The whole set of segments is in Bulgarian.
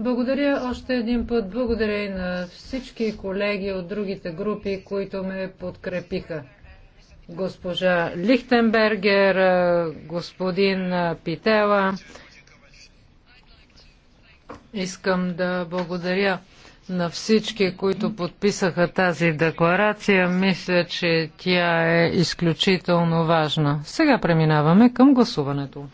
Благодаря още един път. Благодаря и на всички колеги от другите групи, които ме подкрепиха. Госпожа Лихтенбергер, господин Питела. Искам да благодаря на всички, които подписаха тази декларация. Мисля, че тя е изключително важна. Сега преминаваме към гласуването.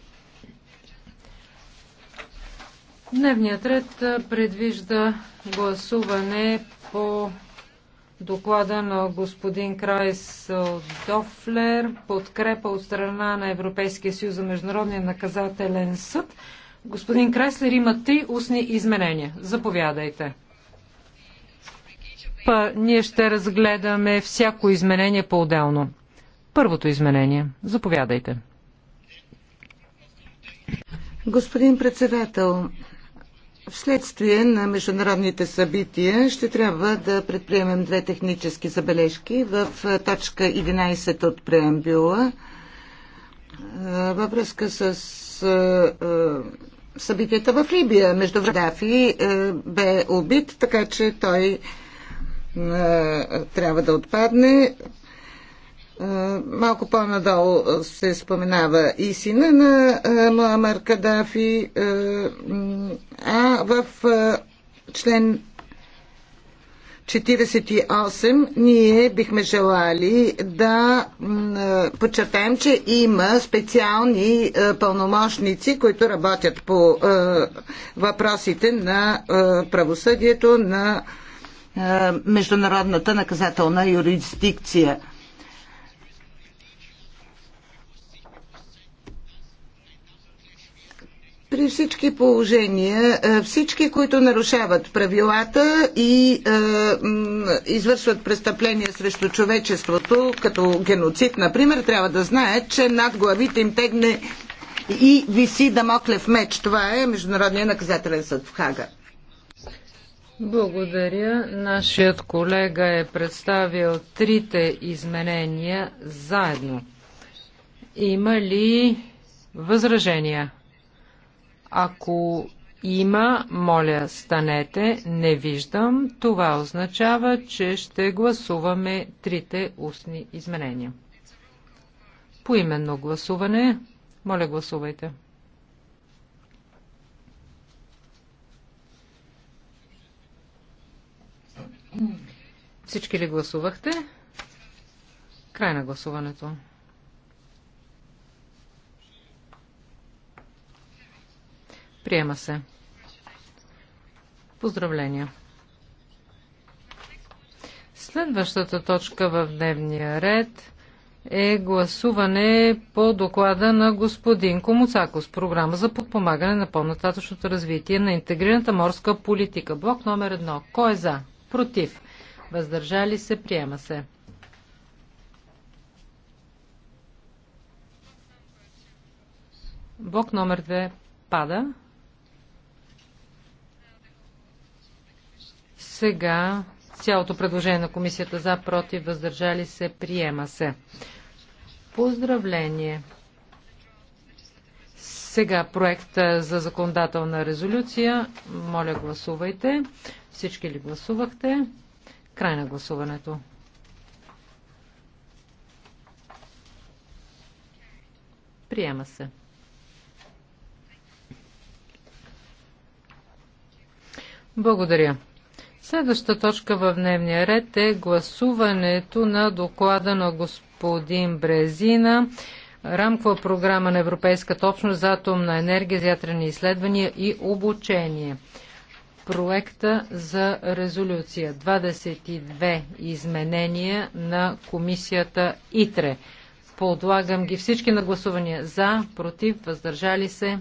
Дневният ред предвижда гласуване по доклада на господин Крайс Дофлер, подкрепа от страна на Европейския съюз за Международния наказателен съд. Господин Крайслер има три устни изменения. Заповядайте. Па, ние ще разгледаме всяко изменение по-отделно. Първото изменение. Заповядайте. Господин председател, Вследствие на международните събития ще трябва да предприемем две технически забележки в точка 11 от преамбюла във връзка с събитията в Либия. Между Дафи бе убит, така че той трябва да отпадне. Е, малко по-надолу е, се споменава и сина на е, Муамар Кадафи, а в член 48 ние бихме желали да подчертаем, че има специални пълномощници, които работят по въпросите на правосъдието, на международната наказателна юрисдикция – При всички положения, е, всички, които нарушават правилата и е, извършват престъпления срещу човечеството, като геноцид, например, трябва да знаят, че над главите им тегне и виси дамоклев меч. Това е Международния наказателен съд в Хага. Благодаря. Нашият колега е представил трите изменения заедно. Има ли възражения? Ако има, моля, станете, не виждам. Това означава, че ще гласуваме трите устни изменения. Поименно гласуване. Моля, гласувайте. Всички ли гласувахте? Край на гласуването. Приема се. Поздравления. Следващата точка в дневния ред е гласуване по доклада на господин Комуцакос, програма за подпомагане на по-нататъчното развитие на интегрираната морска политика. Блок номер едно. Кой е за? Против? Въздържали се? Приема се. Блок номер две пада. Сега цялото предложение на комисията за, против, въздържали се, приема се. Поздравление! Сега проект за законодателна резолюция. Моля, гласувайте. Всички ли гласувахте? Край на гласуването. Приема се. Благодаря. Следваща точка в дневния ред е гласуването на доклада на господин Брезина рамкова програма на Европейската общност за атомна енергия, за ядрени изследвания и обучение. Проекта за резолюция. 22 изменения на комисията ИТРЕ. Подлагам ги всички на гласувания за, против, въздържали се,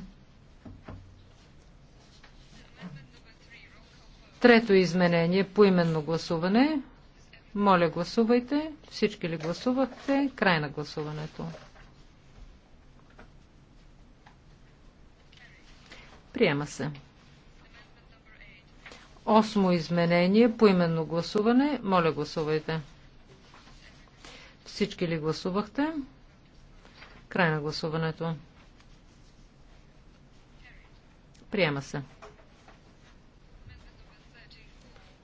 Трето изменение по именно гласуване. Моля, гласувайте. Всички ли гласувахте? Край на гласуването. Приема се. Осмо изменение по именно гласуване. Моля, гласувайте. Всички ли гласувахте? Край на гласуването. Приема се.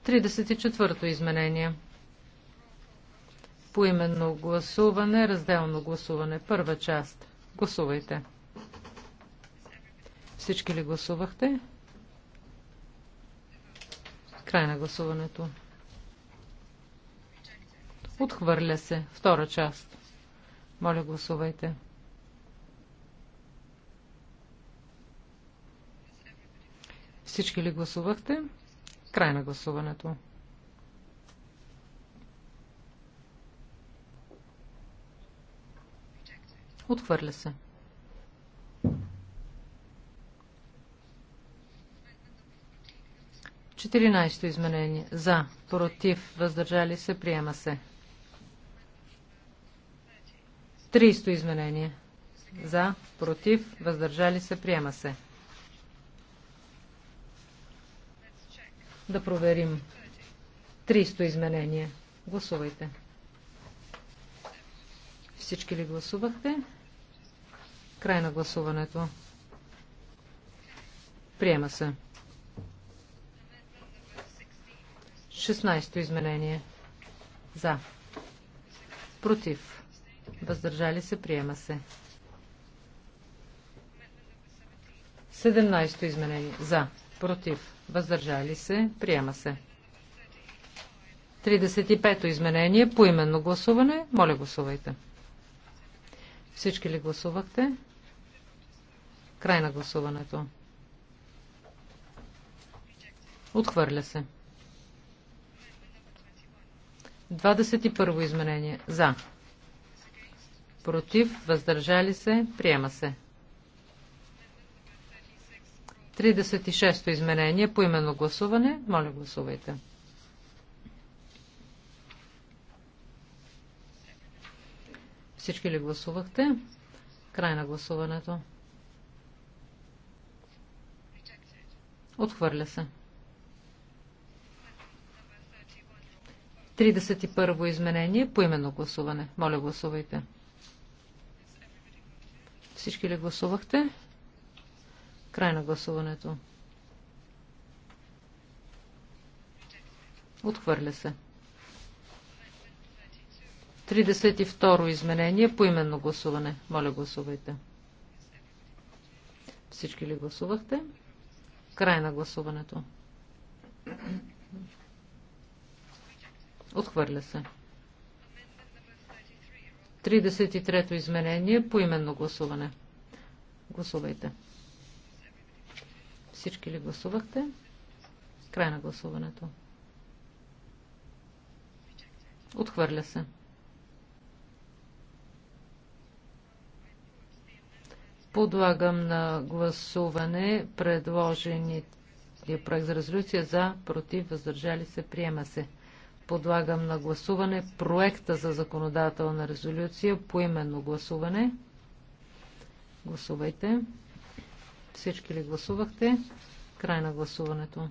34-то изменение. Поименно гласуване, разделно гласуване. Първа част. Гласувайте. Всички ли гласувахте? Край на гласуването. Отхвърля се. Втора част. Моля, гласувайте. Всички ли гласувахте? Край на гласуването. Отхвърля се. Четиринайсто изменение. За, против, въздържали се, приема се. Тристо изменение. За, против, въздържали се, приема се. Да проверим. 300 изменения. Гласувайте. Всички ли гласувахте? Край на гласуването. Приема се. 16 изменение. За. Против. Въздържали се. Приема се. 17 изменение. За. Против. Въздържали се. Приема се. 35-то изменение. по именно гласуване. Моля гласувайте. Всички ли гласувахте? Край на гласуването. Отхвърля се. 21 изменение. За. Против. Въздържали се. Приема се. 36-то изменение по именно гласуване. Моля, гласувайте. Всички ли гласувахте? Край на гласуването. Отхвърля се. 31-во изменение по именно гласуване. Моля, гласувайте. Всички ли гласувахте? Край на гласуването. Отхвърля се. 32 изменение по именно гласуване. Моля, гласувайте. Всички ли гласувахте? Край на гласуването. Отхвърля се. 33-то изменение по именно гласуване. Гласувайте. Всички ли гласувахте? Край на гласуването. Отхвърля се. Подлагам на гласуване предложения проект за резолюция за, против, въздържали се, приема се. Подлагам на гласуване проекта за законодателна резолюция по именно гласуване. Гласувайте. Всички ли гласувахте? Край на гласуването.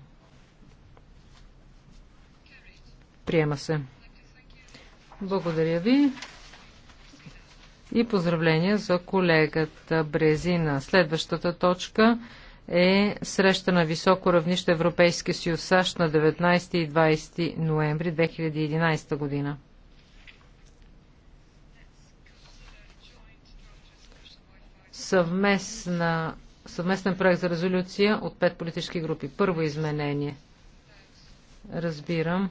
Приема се. Благодаря ви. И поздравления за колегата Брезина. Следващата точка е среща на високо равнище Европейски съюз САЩ на 19 и 20 ноември 2011 година. Съвместна съвместен проект за резолюция от пет политически групи. Първо изменение. Разбирам,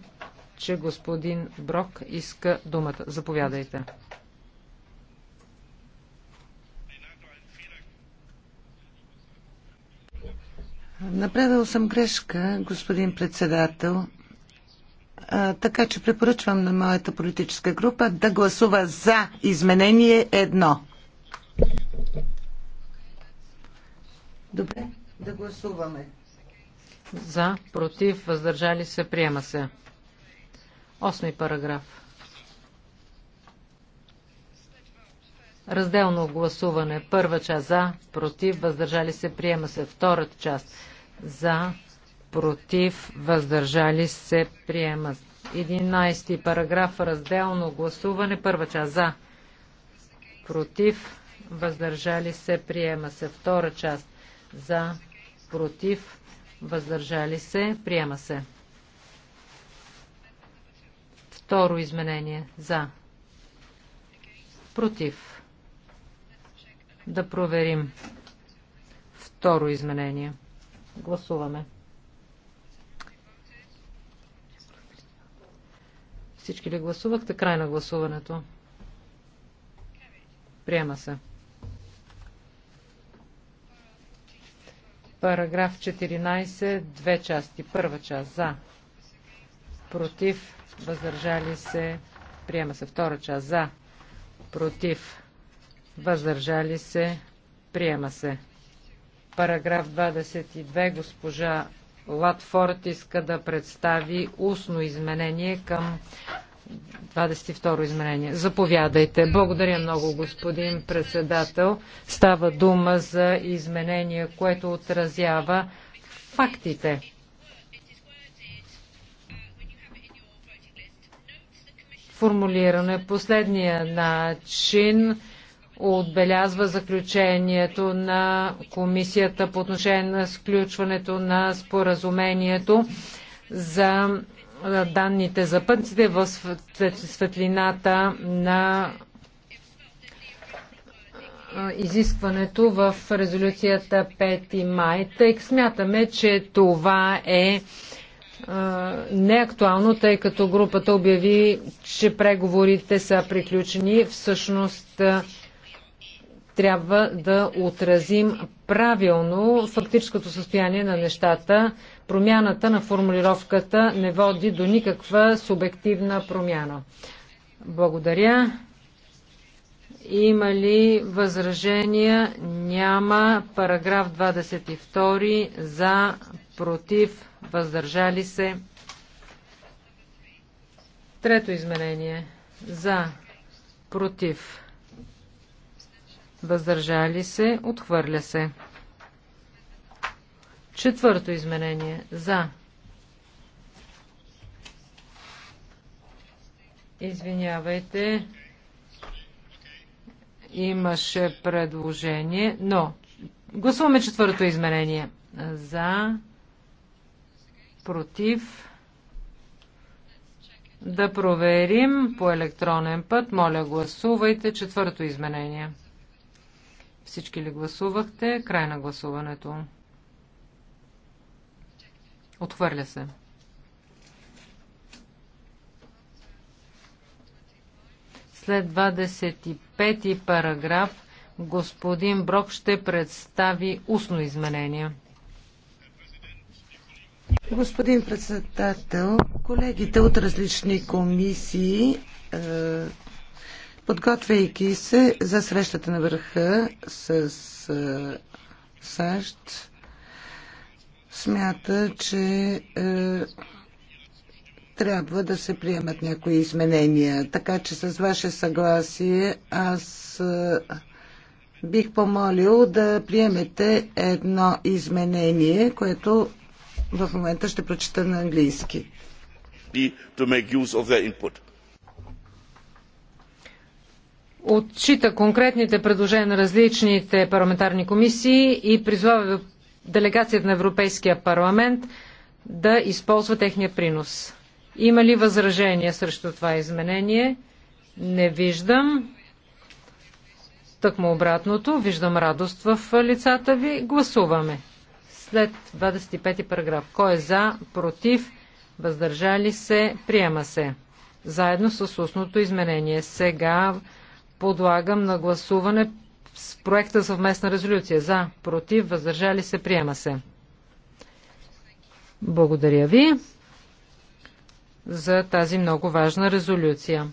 че господин Брок иска думата. Заповядайте. Направил съм грешка, господин председател, а, така че препоръчвам на моята политическа група да гласува за изменение едно. Добре, да гласуваме. За, против, въздържали се, приема се. Осми параграф. Разделно гласуване. Първа част за, против, въздържали се, приема се. Втората част за, против, въздържали се, приема се. 11 параграф. Разделно гласуване. Първа част за, против, въздържали се, приема се. Втора част за, против, въздържали се, приема се. Второ изменение за, против. Да проверим. Второ изменение. Гласуваме. Всички ли гласувахте? Край на гласуването. Приема се. Параграф 14, две части. Първа част за, против, въздържали се, приема се. Втора част за, против, въздържали се, приема се. Параграф 22, госпожа Латфорд иска да представи устно изменение към 22 изменение. Заповядайте. Благодаря много, господин председател. Става дума за изменение, което отразява фактите. Формулиране последния начин отбелязва заключението на комисията по отношение на сключването на споразумението за данните за пътниците в светлината на изискването в резолюцията 5 май. Тъй смятаме, че това е неактуално, тъй като групата обяви, че преговорите са приключени. Всъщност трябва да отразим правилно фактическото състояние на нещата. Промяната на формулировката не води до никаква субективна промяна. Благодаря. Има ли възражения? Няма. Параграф 22. За, против, въздържали се. Трето изменение. За, против, въздържали се, отхвърля се. Четвърто изменение. За. Извинявайте. Имаше предложение, но гласуваме четвърто изменение. За. Против. Да проверим по електронен път. Моля, гласувайте четвърто изменение. Всички ли гласувахте? Край на гласуването. Отхвърля се. След 25 параграф господин Брок ще представи устно изменение. Господин председател, колегите от различни комисии, е, подготвяйки се за срещата на върха с е, САЩ, смята, че е, трябва да се приемат някои изменения. Така че с ваше съгласие аз е, бих помолил да приемете едно изменение, което в момента ще прочита на английски. Отчита конкретните предложения на различните парламентарни комисии и призвава делегацията на Европейския парламент да използва техния принос. Има ли възражения срещу това изменение? Не виждам. Тъкмо обратното. Виждам радост в лицата ви. Гласуваме. След 25 параграф. Кой е за, против, въздържали се, приема се. Заедно с устното изменение. Сега подлагам на гласуване с проекта за съвместна резолюция. За, против, въздържали се, приема се. Благодаря ви за тази много важна резолюция.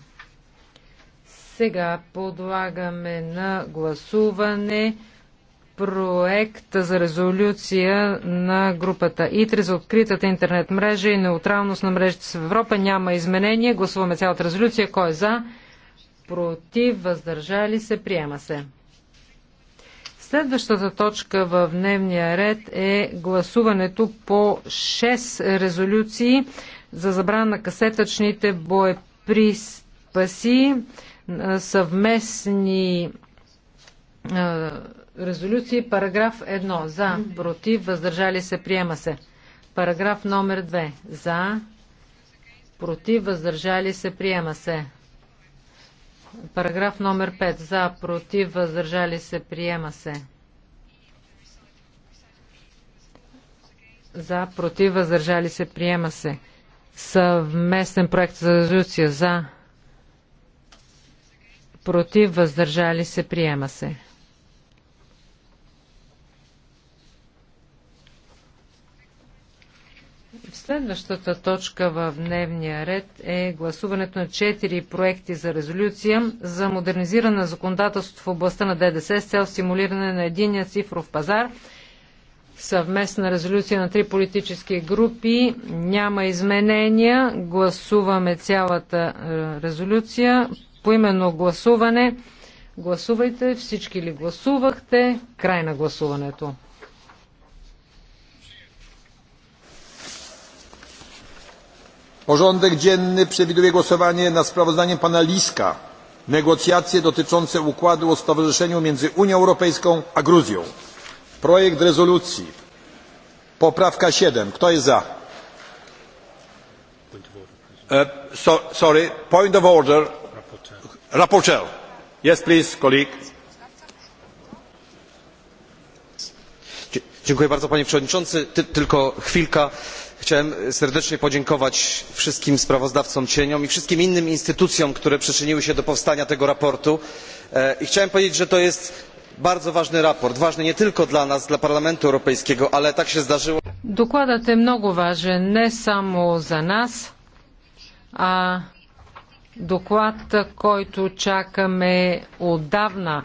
Сега подлагаме на гласуване проекта за резолюция на групата ИТРЕ за откритата интернет мрежа и неутралност на мрежите в Европа. Няма изменение. Гласуваме цялата резолюция. Кой е за? Против? Въздържали се? Приема се. Следващата точка в дневния ред е гласуването по 6 резолюции за забрана на касетъчните боеприпаси, съвместни резолюции. Параграф 1. За, против, въздържали се, приема се. Параграф номер 2. За, против, въздържали се, приема се. Параграф номер 5. За, против, въздържали се, приема се. За, против, въздържали се, приема се. Съвместен проект за резолюция. За, против, въздържали се, приема се. Следващата точка в дневния ред е гласуването на четири проекти за резолюция за модернизиране на законодателството в областта на ДДС с цел стимулиране на единия цифров пазар. Съвместна резолюция на три политически групи. Няма изменения. Гласуваме цялата е, резолюция. По именно гласуване. Гласувайте. Всички ли гласувахте? Край на гласуването. Porządek dzienny przewiduje głosowanie nad sprawozdaniem pana Liska negocjacje dotyczące układu o stowarzyszeniu między Unią Europejską a Gruzją. Projekt rezolucji. Poprawka 7. Kto jest za? So, sorry, point of order. Rapporteur. Yes, please, colleague. Dziękuję bardzo, panie przewodniczący. tylko chwilka chciałem serdecznie podziękować wszystkim sprawozdawcom cieniom i wszystkim innym instytucjom które przyczyniły się do powstania tego sprawozdania i chciałem powiedzieć że to jest bardzo ważne sprawozdanie ważne nie tylko dla nas dla parlamentu europejskiego ale tak się zdarzyło Докладът е много важен не само за нас, а доклад, който чакаме отдавна.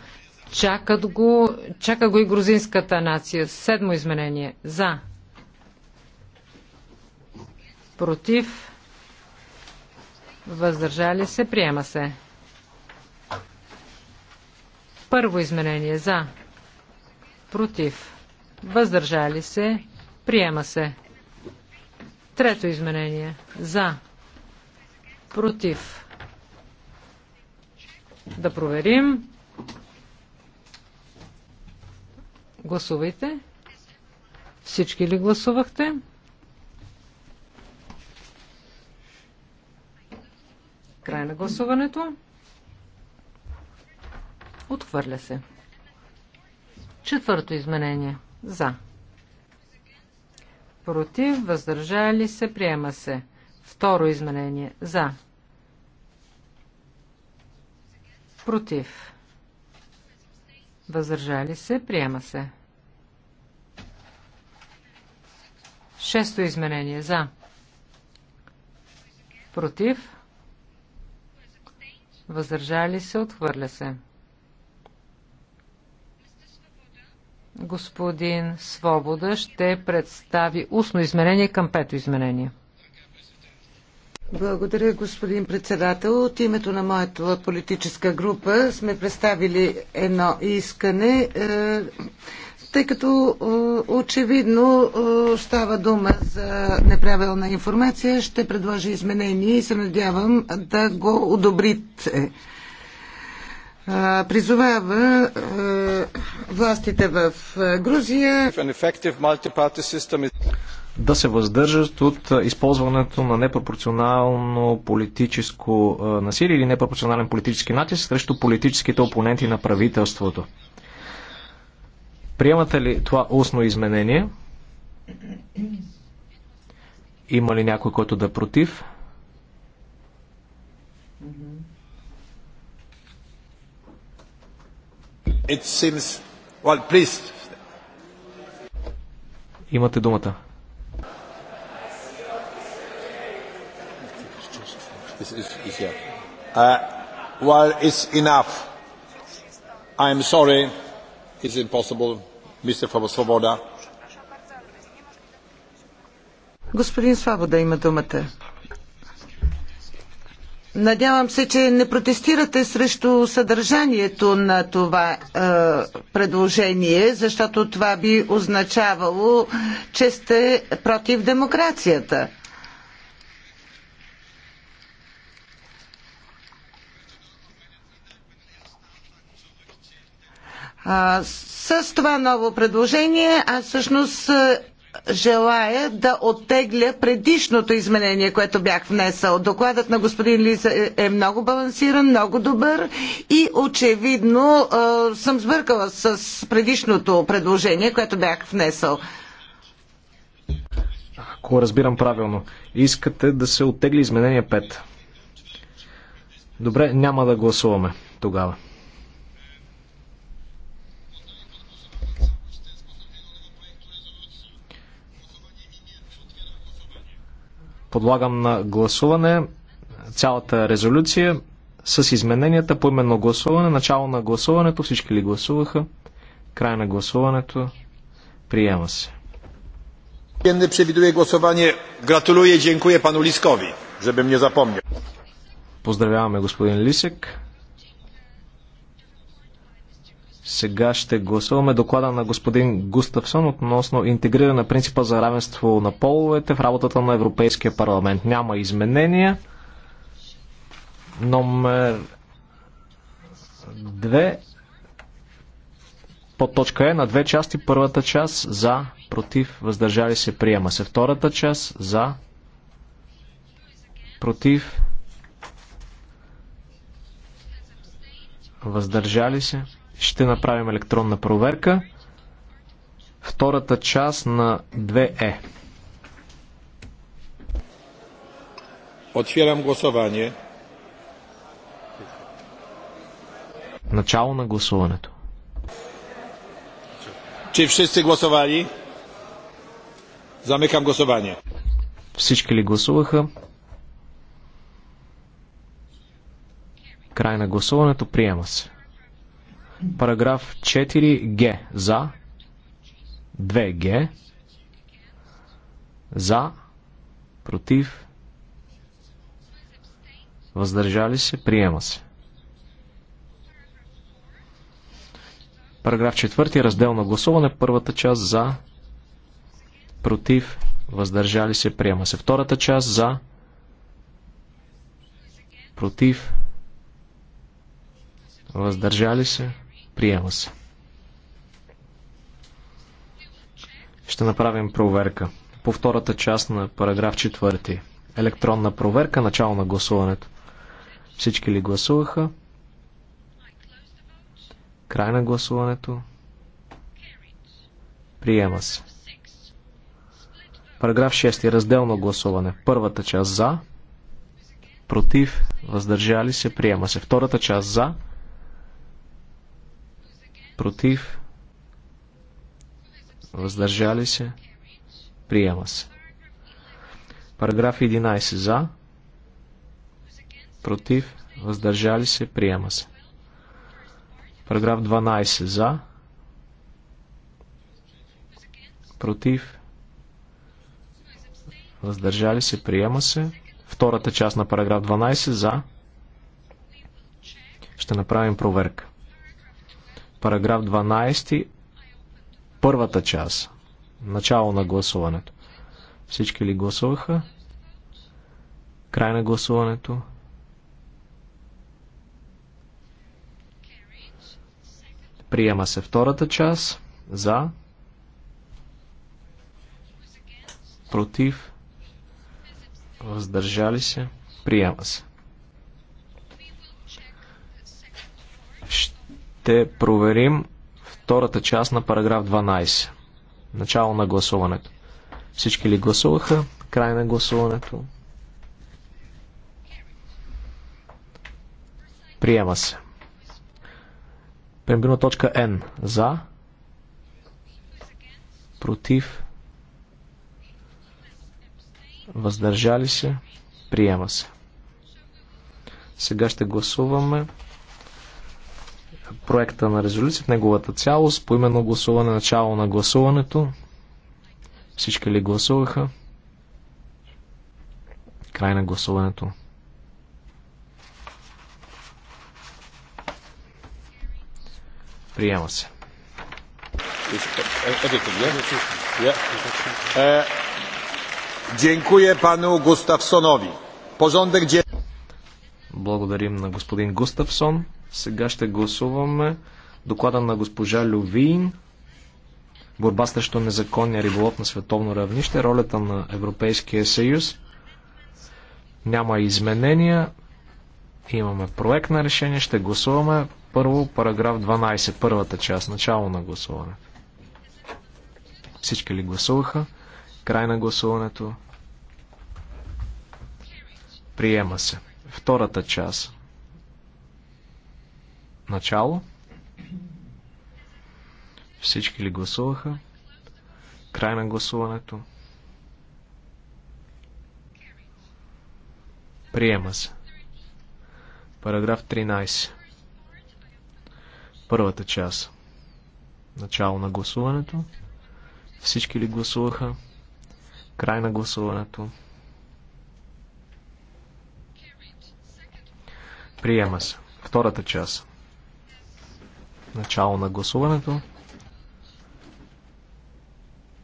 Чакат го, чака го и грузинската нация. Седмо изменение. За против, въздържали се, приема се. Първо изменение за, против, въздържали се, приема се. Трето изменение за, против. Да проверим. Гласувайте. Всички ли гласувахте? Край на гласуването. Отхвърля се. Четвърто изменение. За. Против, въздържали се, приема се. Второ изменение. За. Против. Въздържали се, приема се. Шесто изменение. За. Против. Въздържали се, отхвърля се. Господин Свобода ще представи устно изменение към пето изменение. Благодаря, господин председател. От името на моята политическа група сме представили едно искане е, тъй като е, очевидно е, става дума за неправилна информация, ще предложа изменение и се надявам да го одобрите. Е, призовава властите в Грузия да се въздържат от използването на непропорционално политическо насилие или непропорционален политически натиск срещу политическите опоненти на правителството. Приемате ли това устно изменение? Има ли някой, който да е против? It seems... Well, please. Имате думата. Uh, well, it's enough. I'm sorry is it possible, Mr. Господин Свобода има думата. Надявам се, че не протестирате срещу съдържанието на това е, предложение, защото това би означавало, че сте против демокрацията. А, с това ново предложение аз всъщност желая да оттегля предишното изменение, което бях внесъл. Докладът на господин Лиза е, е много балансиран, много добър и очевидно а, съм сбъркала с предишното предложение, което бях внесъл. Ако разбирам правилно, искате да се оттегли изменение 5. Добре, няма да гласуваме тогава. Подлагам на гласуване цялата резолюция с измененията по именно гласуване. Начало на гласуването. Всички ли гласуваха? Край на гласуването. Приема се. Dzienny гласуване. głosowanie. и dziękuję пану Liskowi, żeby mnie запомня. Поздравяваме господин Лисек. Сега ще гласуваме доклада на господин Густавсон относно интегриране на принципа за равенство на половете в работата на Европейския парламент. Няма изменения. Номер 2 под точка Е на две части. Първата част за, против, въздържали се, приема се. Втората част за, против, въздържали се. Ще направим електронна проверка. Втората част на 2Е. Е. Отварям гласование. Начало на гласуването. Чи всички гласували? Замикам гласование. Всички ли гласуваха? Край на гласуването приема се. Параграф 4Г. За. 2Г. За. Против. Въздържали се. Приема се. Параграф 4. Раздел на гласуване. Първата част за. Против. Въздържали се. Приема се. Втората част за. Против. Въздържали се. Приема се. Ще направим проверка. По втората част на параграф 4. Електронна проверка, начало на гласуването. Всички ли гласуваха? Край на гласуването. Приема се. Параграф 6. Разделно гласуване. Първата част за, против, въздържали се, приема се. Втората част за, против, въздържали се, приема се. Параграф 11 за, против, въздържали се, приема се. Параграф 12 за, против, въздържали се, приема се. Втората част на параграф 12 за. Ще направим проверка. Параграф 12, първата част. Начало на гласуването. Всички ли гласуваха? Край на гласуването. Приема се втората част. За. Против. Въздържали се. Приема се. ще проверим втората част на параграф 12. Начало на гласуването. Всички ли гласуваха? Край на гласуването. Приема се. Примерно точка Н. За. Против. Въздържали се. Приема се. Сега ще гласуваме проекта на резолюция в неговата цялост. По именно гласуване, начало на гласуването. Всички ли гласуваха? Край на гласуването. Приема се. Dziękuję panu Gustafsonowi. Porządek dzienny. Благодарим на господин Густавсон. Сега ще гласуваме доклада на госпожа Лювин. Борба срещу незаконния риболов на световно равнище. Ролята на Европейския съюз. Няма изменения. Имаме проект на решение. Ще гласуваме първо параграф 12, първата част, начало на гласуване. Всички ли гласуваха? Край на гласуването. Приема се. Втората част. Начало. Всички ли гласуваха? Край на гласуването. Приема се. Параграф 13. Първата част. Начало на гласуването. Всички ли гласуваха? Край на гласуването. Приема се. Втората част. Начало на гласуването.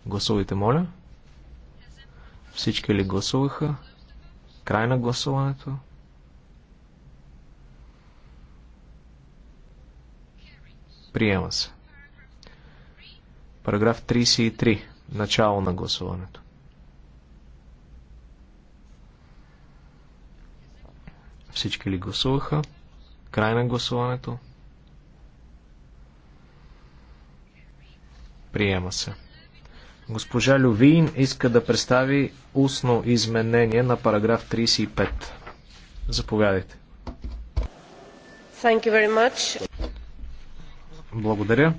Гласувайте, моля. Всички ли гласуваха? Край на гласуването. Приема се. Параграф 33. Начало на гласуването. Всички ли гласуваха? Край на гласуването. Приема се. Госпожа Лювин иска да представи устно изменение на параграф 35. Заповядайте. Thank you very much. Благодаря.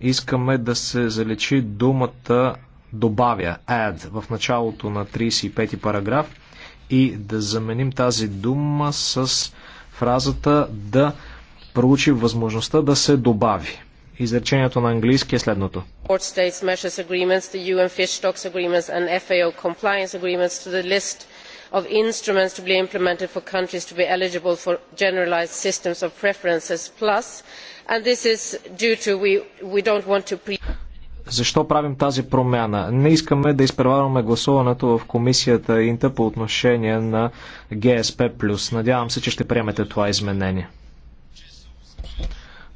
Искаме да се залечи думата добавя, add, в началото на 35 параграф и да заменим тази дума с фразата да проучи възможността да се добави. Изречението на английски е следното. of instruments to be implemented for countries to be eligible for generalised systems of preferences plus and this is due to we, we don't want to pre защо правим тази промяна? Не искаме да изпреварваме гласуването в комисията Инта по отношение на ГСП+. Надявам се, че ще приемете това изменение.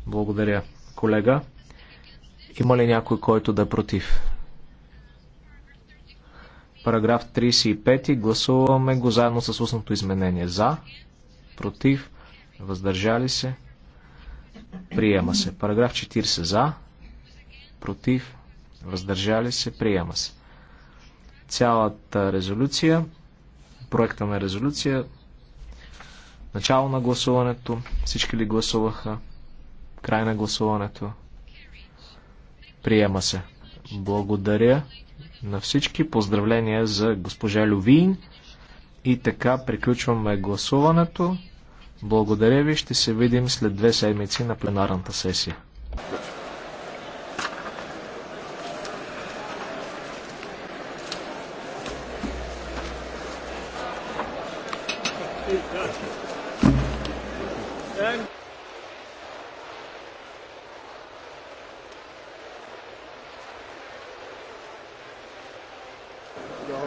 Благодаря, колега. Има ли някой, който да е против? Параграф 35. Гласуваме го заедно с устното изменение. За, против, въздържали се, приема се. Параграф 40. За, против, въздържали се, приема се. Цялата резолюция, проекта на резолюция, начало на гласуването, всички ли гласуваха, край на гласуването, приема се. Благодаря на всички, поздравления за госпожа Лювин и така приключваме гласуването. Благодаря ви, ще се видим след две седмици на пленарната сесия.